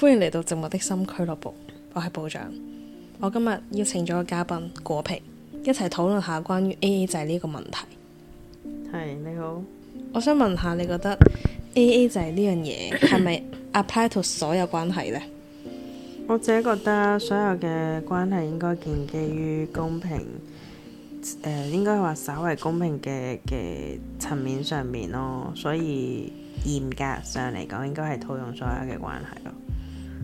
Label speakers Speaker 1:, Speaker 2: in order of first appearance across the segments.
Speaker 1: 歡迎嚟到寂寞的心俱樂部，我係部長，我今日邀請咗個嘉賓果皮一齊討論下關於 AA 制呢個問題。係，你好，我想問下你覺得 AA 制呢樣嘢係咪 apply to 所有關係呢？我自己覺得所有嘅關係應該建基於公平，誒、呃，應該話稍為公平嘅嘅層面上面咯，所以嚴格上嚟講，應該係套用所有嘅關係咯。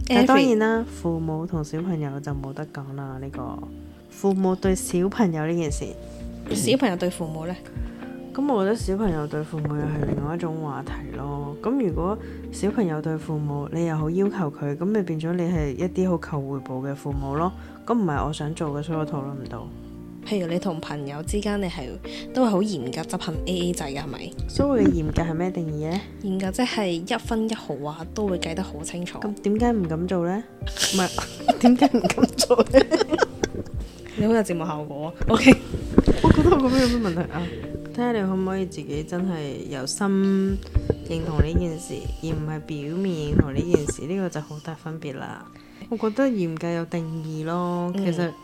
Speaker 1: 但當然啦，Every 父母同小朋友就冇得講啦。呢、呢個父母對小朋友呢件事，小朋友對父母呢，咁、嗯、我覺得小朋友對父母又係另外一種話題咯。咁如果小朋友對父母，你又好要求佢，咁咪變咗你係一啲好求回報嘅父母咯。咁唔係我想做嘅，所以我討論唔到。譬如你同朋友之間，你係都係好嚴格執行 A A 制嘅，係咪？所謂嘅嚴格係咩定義呢？嚴格即係一分一毫啊，都會計得好清楚。咁點解唔敢做呢？唔係點解唔敢做咧？ 你好有節目效果啊！O K，我覺得我咁樣有咩問題啊？睇下你可唔可以自己真係由心認同呢件事，而唔係表面認同呢件事，呢個就好大分別啦。我覺得嚴格有定義咯，其實、嗯。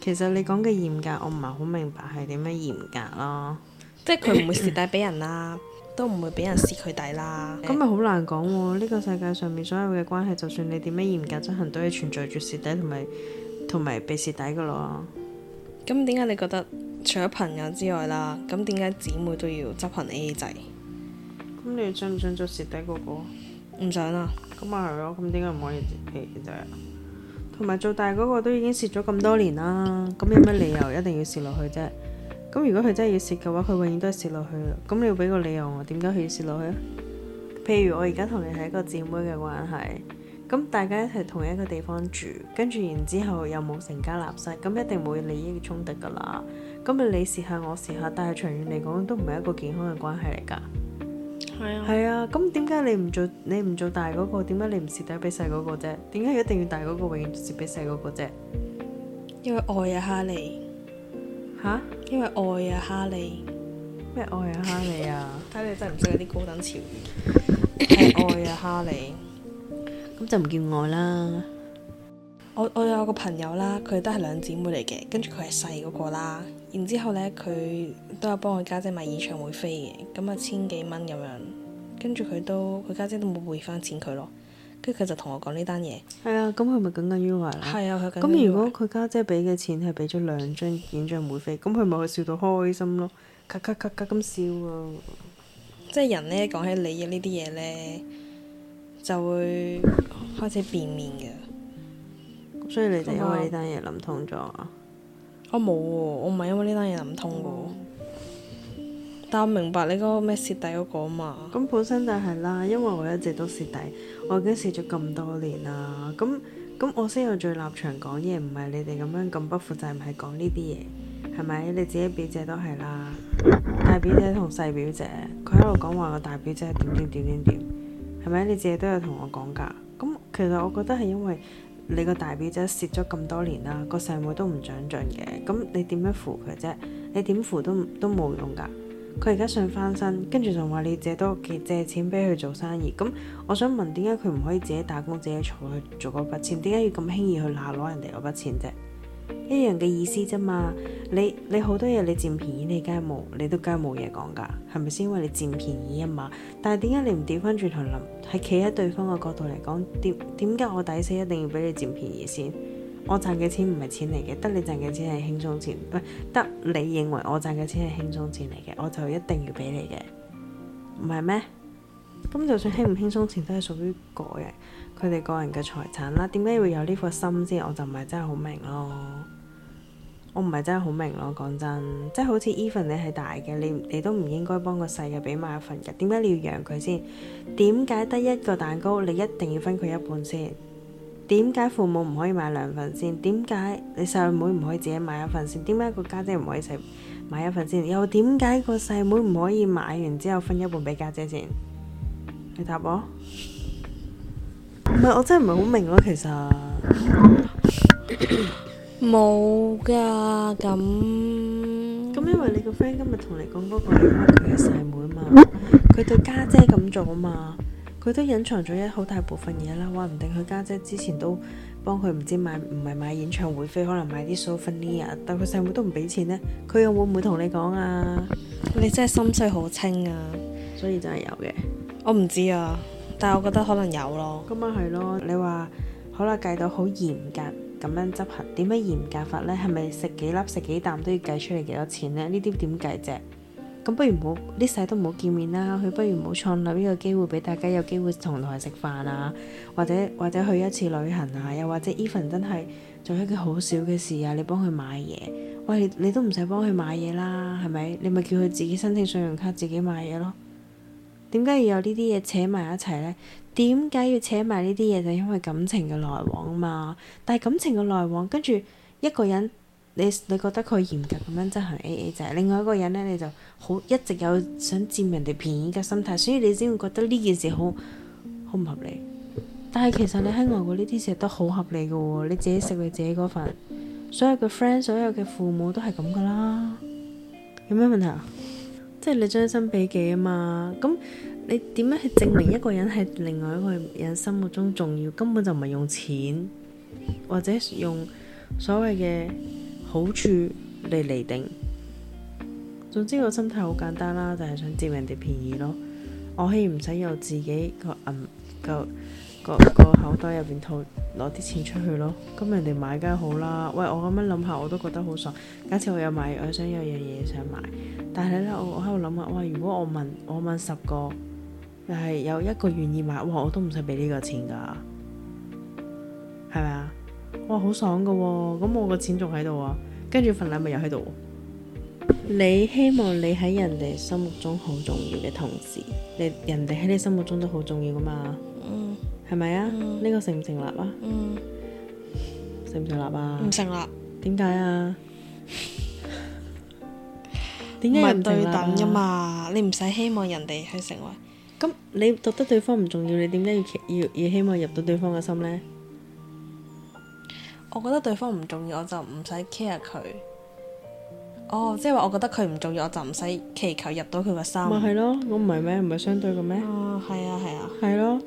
Speaker 1: 其實你講嘅嚴格，我唔係好明白係點樣嚴格咯， 即係佢唔會蝕底俾人啦，都唔會俾人蝕佢底啦。咁咪好難講喎！呢、呢個世界上面所有嘅關係，就算你點樣嚴格執行，都係存在住蝕底同埋同埋被蝕底嘅咯。咁點解你覺得除咗朋友之外啦，咁點解姊妹都要執行 AA 制？咁你想唔想做蝕底嗰個？唔想啦。咁啊係咯，咁點解唔可以 AA 制？同埋做大嗰個都已經蝕咗咁多年啦，咁有乜理由一定要蝕落去啫？咁如果佢真係要蝕嘅話，佢永遠都係蝕落去。咁你要俾個理由，我點解佢要蝕落去啊？譬如我而家同你係一個姊妹嘅關係，咁大家一齊同一個地方住，跟住然之後又冇成家立室，咁一定冇利益衝突噶啦。咁啊，你蝕下我蝕下，但係長遠嚟講都唔係一個健康嘅關係嚟噶。係 啊，係啊，咁點解你唔做你唔做大嗰、嗰個？點解你唔蝕底俾細嗰個啫？點解一定要大嗰個永遠蝕俾細嗰個啫？因為愛啊，哈利，吓哈？因為愛啊，哈利，咩愛啊，哈利啊？睇 你真係唔識嗰啲高等潮語，係、 哎、愛啊，哈利，咁 就唔叫愛啦。我我有個朋友啦，佢都係兩姊妹嚟嘅，跟住佢係細嗰個啦。然之後呢，佢都有幫佢家姐買演唱會飛嘅，咁啊千幾蚊咁樣，跟住佢都佢家姐，姐都冇回返錢佢咯，跟住佢、嗯、就同我講呢單嘢。係啊，咁佢咪耿耿於懷？係、嗯、啊，佢、嗯、緊。咁、嗯嗯嗯、如果佢家姐俾嘅錢係俾咗兩張演唱會飛，咁佢咪會笑到開心咯，咔咔咔咔咁笑啊！即係人呢講起利益呢啲嘢呢，就會開始變面嘅。所以你就因為呢單嘢諗通咗。我冇喎，我唔係因為呢單嘢諗通嘅。但我明白你嗰個咩蝕底嗰個啊嘛。咁、嗯、本身就係啦，因為我一直都蝕底，我已經蝕咗咁多年啦。咁、嗯、咁、嗯嗯、我先有最立場講嘢，唔係你哋咁樣咁不負責任，係講呢啲嘢，係咪？你自己表姐都係啦，大表姐同細表姐，佢喺度講話個大表姐點點點點點，係咪？你自己都有同我講㗎。咁、嗯、其實我覺得係因為。你個大表姐蝕咗咁多年啦，個細妹都唔長進嘅，咁你點樣扶佢啫？你點扶都都冇用噶。佢而家想翻身，跟住仲話你借多幾借錢俾佢做生意。咁我想問，點解佢唔可以自己打工自己儲去做嗰筆錢？點解要咁輕易去拿攞人哋嗰筆錢啫？一樣嘅意思啫嘛，你你好多嘢，你佔便宜，你梗係冇，你都梗係冇嘢講㗎，係咪先？因為你佔便宜啊嘛。但係點解你唔掉翻轉頭諗，係企喺對方嘅角度嚟講，點點解我抵死一定要俾你佔便宜先？我賺嘅錢唔係錢嚟嘅，得你賺嘅錢係輕鬆錢，唔得你認為我賺嘅錢係輕鬆錢嚟嘅，我就一定要俾你嘅，唔係咩？咁就算輕唔輕鬆錢都係屬於個人佢哋個人嘅財產啦。點解會有呢顆心先？我就唔係真係好明咯。我唔係真係好明咯，講真，即係好似 Even 你係大嘅，你你都唔應該幫個細嘅俾埋一份嘅。點解你要讓佢先？點解得一個蛋糕你一定要分佢一半先？點解父母唔可以買兩份先？點解你細妹唔可以自己買一份先？點解個家姐唔可以一齊買一份先？又點解個細妹唔可以買完之後分一半俾家姐先？你答我，唔係我真係唔係好明咯，其實。 冇噶咁，咁因為你個 friend 今日同你講嗰個係佢嘅細妹啊嘛，佢對家姐咁做啊嘛，佢都隱藏咗一好大部分嘢啦，話唔定佢家姐之前都幫佢唔知買唔係買演唱會飛，可能買啲 souvenir，但佢細妹都唔俾錢呢。佢又會唔會同你講啊？你真係心水好清啊！所以真係有嘅，我唔知啊，但係我覺得可能有咯。咁啊係咯，你話好啦，計到好嚴格。咁樣執行點樣嚴格法呢？係咪食幾粒食幾啖都要計出嚟幾多錢呢？呢啲點計啫？咁不如冇呢世都唔好見面啦。佢不如唔好創立呢個機會俾大家有機會同台食飯啊，或者或者去一次旅行啊，又或者 even 真係做一件好少嘅事啊，你幫佢買嘢。喂，你都唔使幫佢買嘢啦，係咪？你咪叫佢自己申請信用卡自己買嘢咯。點解要有呢啲嘢扯埋一齊呢？點解要扯埋呢啲嘢？就因為感情嘅來往嘛。但係感情嘅來往，跟住一個人，你你覺得佢嚴格咁樣執行 AA 制，另外一個人呢，你就好一直有想佔人哋便宜嘅心態，所以你先會覺得呢件事好好唔合理。但係其實你喺外國呢啲事都好合理嘅喎，哦，你自己食你自己嗰份，所有嘅 friend、所有嘅父母都係咁噶啦，有咩問題啊？即係你將心比己啊嘛，咁你點樣去證明一個人喺另外一個人心目中重要？根本就唔係用錢或者用所謂嘅好處嚟嚟定。總之個心態好簡單啦，就係、是、想佔人哋便宜咯。我可以唔使有自己、那個銀個。個個口袋入邊套攞啲錢出去咯，咁人哋買梗係好啦。喂，我咁樣諗下，我都覺得好爽。假設我有買，我想有樣嘢想買，但係咧，我我喺度諗下，哇！如果我問我問十個，又係有一個願意買，哇！我都唔使俾呢個錢噶，係咪啊？哇，好爽噶喎！咁我個錢仲喺度啊，跟住份禮物又喺度。你希望你喺人哋心目中好重要嘅同時，你人哋喺你心目中都好重要噶嘛？係咪啊？呢個嗯，成唔成立啊？成唔成立啊？唔成立。點解啊？點解唔成立？唔係對等噶嘛？你唔使希望人哋去成為。咁你覺得對方唔重要，你點解要要要希望入到對方嘅心呢？我覺得對方唔重要，我就唔使 care 佢。哦，即係話我覺得佢唔重要，我就唔使祈求入到佢嘅心。咪係咯，我唔係咩？唔係相對嘅咩？啊，係啊，係啊，係咯。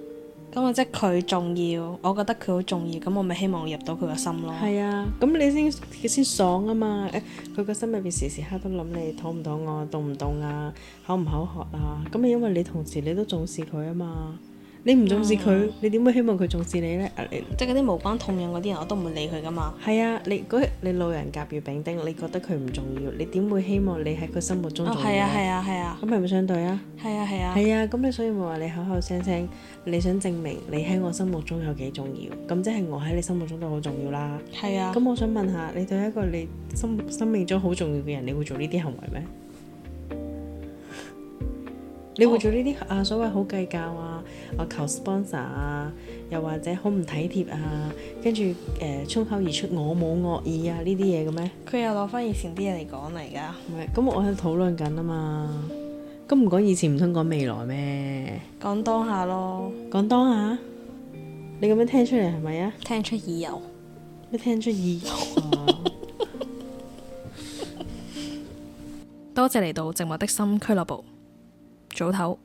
Speaker 1: 咁啊，即係佢重要，我覺得佢好重要，咁我咪希望入到佢個心咯。係啊，咁你先先爽啊嘛！誒、欸，佢個心入邊時時刻刻都諗你肚唔肚餓，凍唔凍啊，口唔口渴啊？咁係因為你同時你都重視佢啊嘛。
Speaker 2: 你唔重視佢，嗯、
Speaker 1: 你點會希望佢重視你呢？啊、你即係嗰啲無關痛癢嗰啲人，我都唔會理佢噶嘛。係啊，你嗰你路人甲乙丙丁、丁，你覺得佢唔重要，你點會希望你喺佢心目中重要？係啊係啊係啊！咁係咪相對啊？係啊係啊！係啊！咁你所以咪話你口口聲聲你想證明你喺我心目中有幾重要？咁、嗯、即係我喺你心目中都好重要啦。係啊！咁我想問下你對一個你心生命中好重要嘅人，你會做呢啲行為咩？ 你會做呢啲、哦、啊？所謂好計較啊？我求 sponsor 啊，又或者好唔體貼啊，跟住誒沖口而出我冇惡意啊，呢啲嘢嘅咩？佢又攞翻以前啲嘢嚟講嚟噶，咁我喺度討論緊啊嘛，咁唔講以前唔通講未來咩？講當下咯，講當下，你咁樣聽出嚟係咪啊？聽出意由？咩聽出意由啊？多謝嚟到寂寞的心俱樂部，早唞。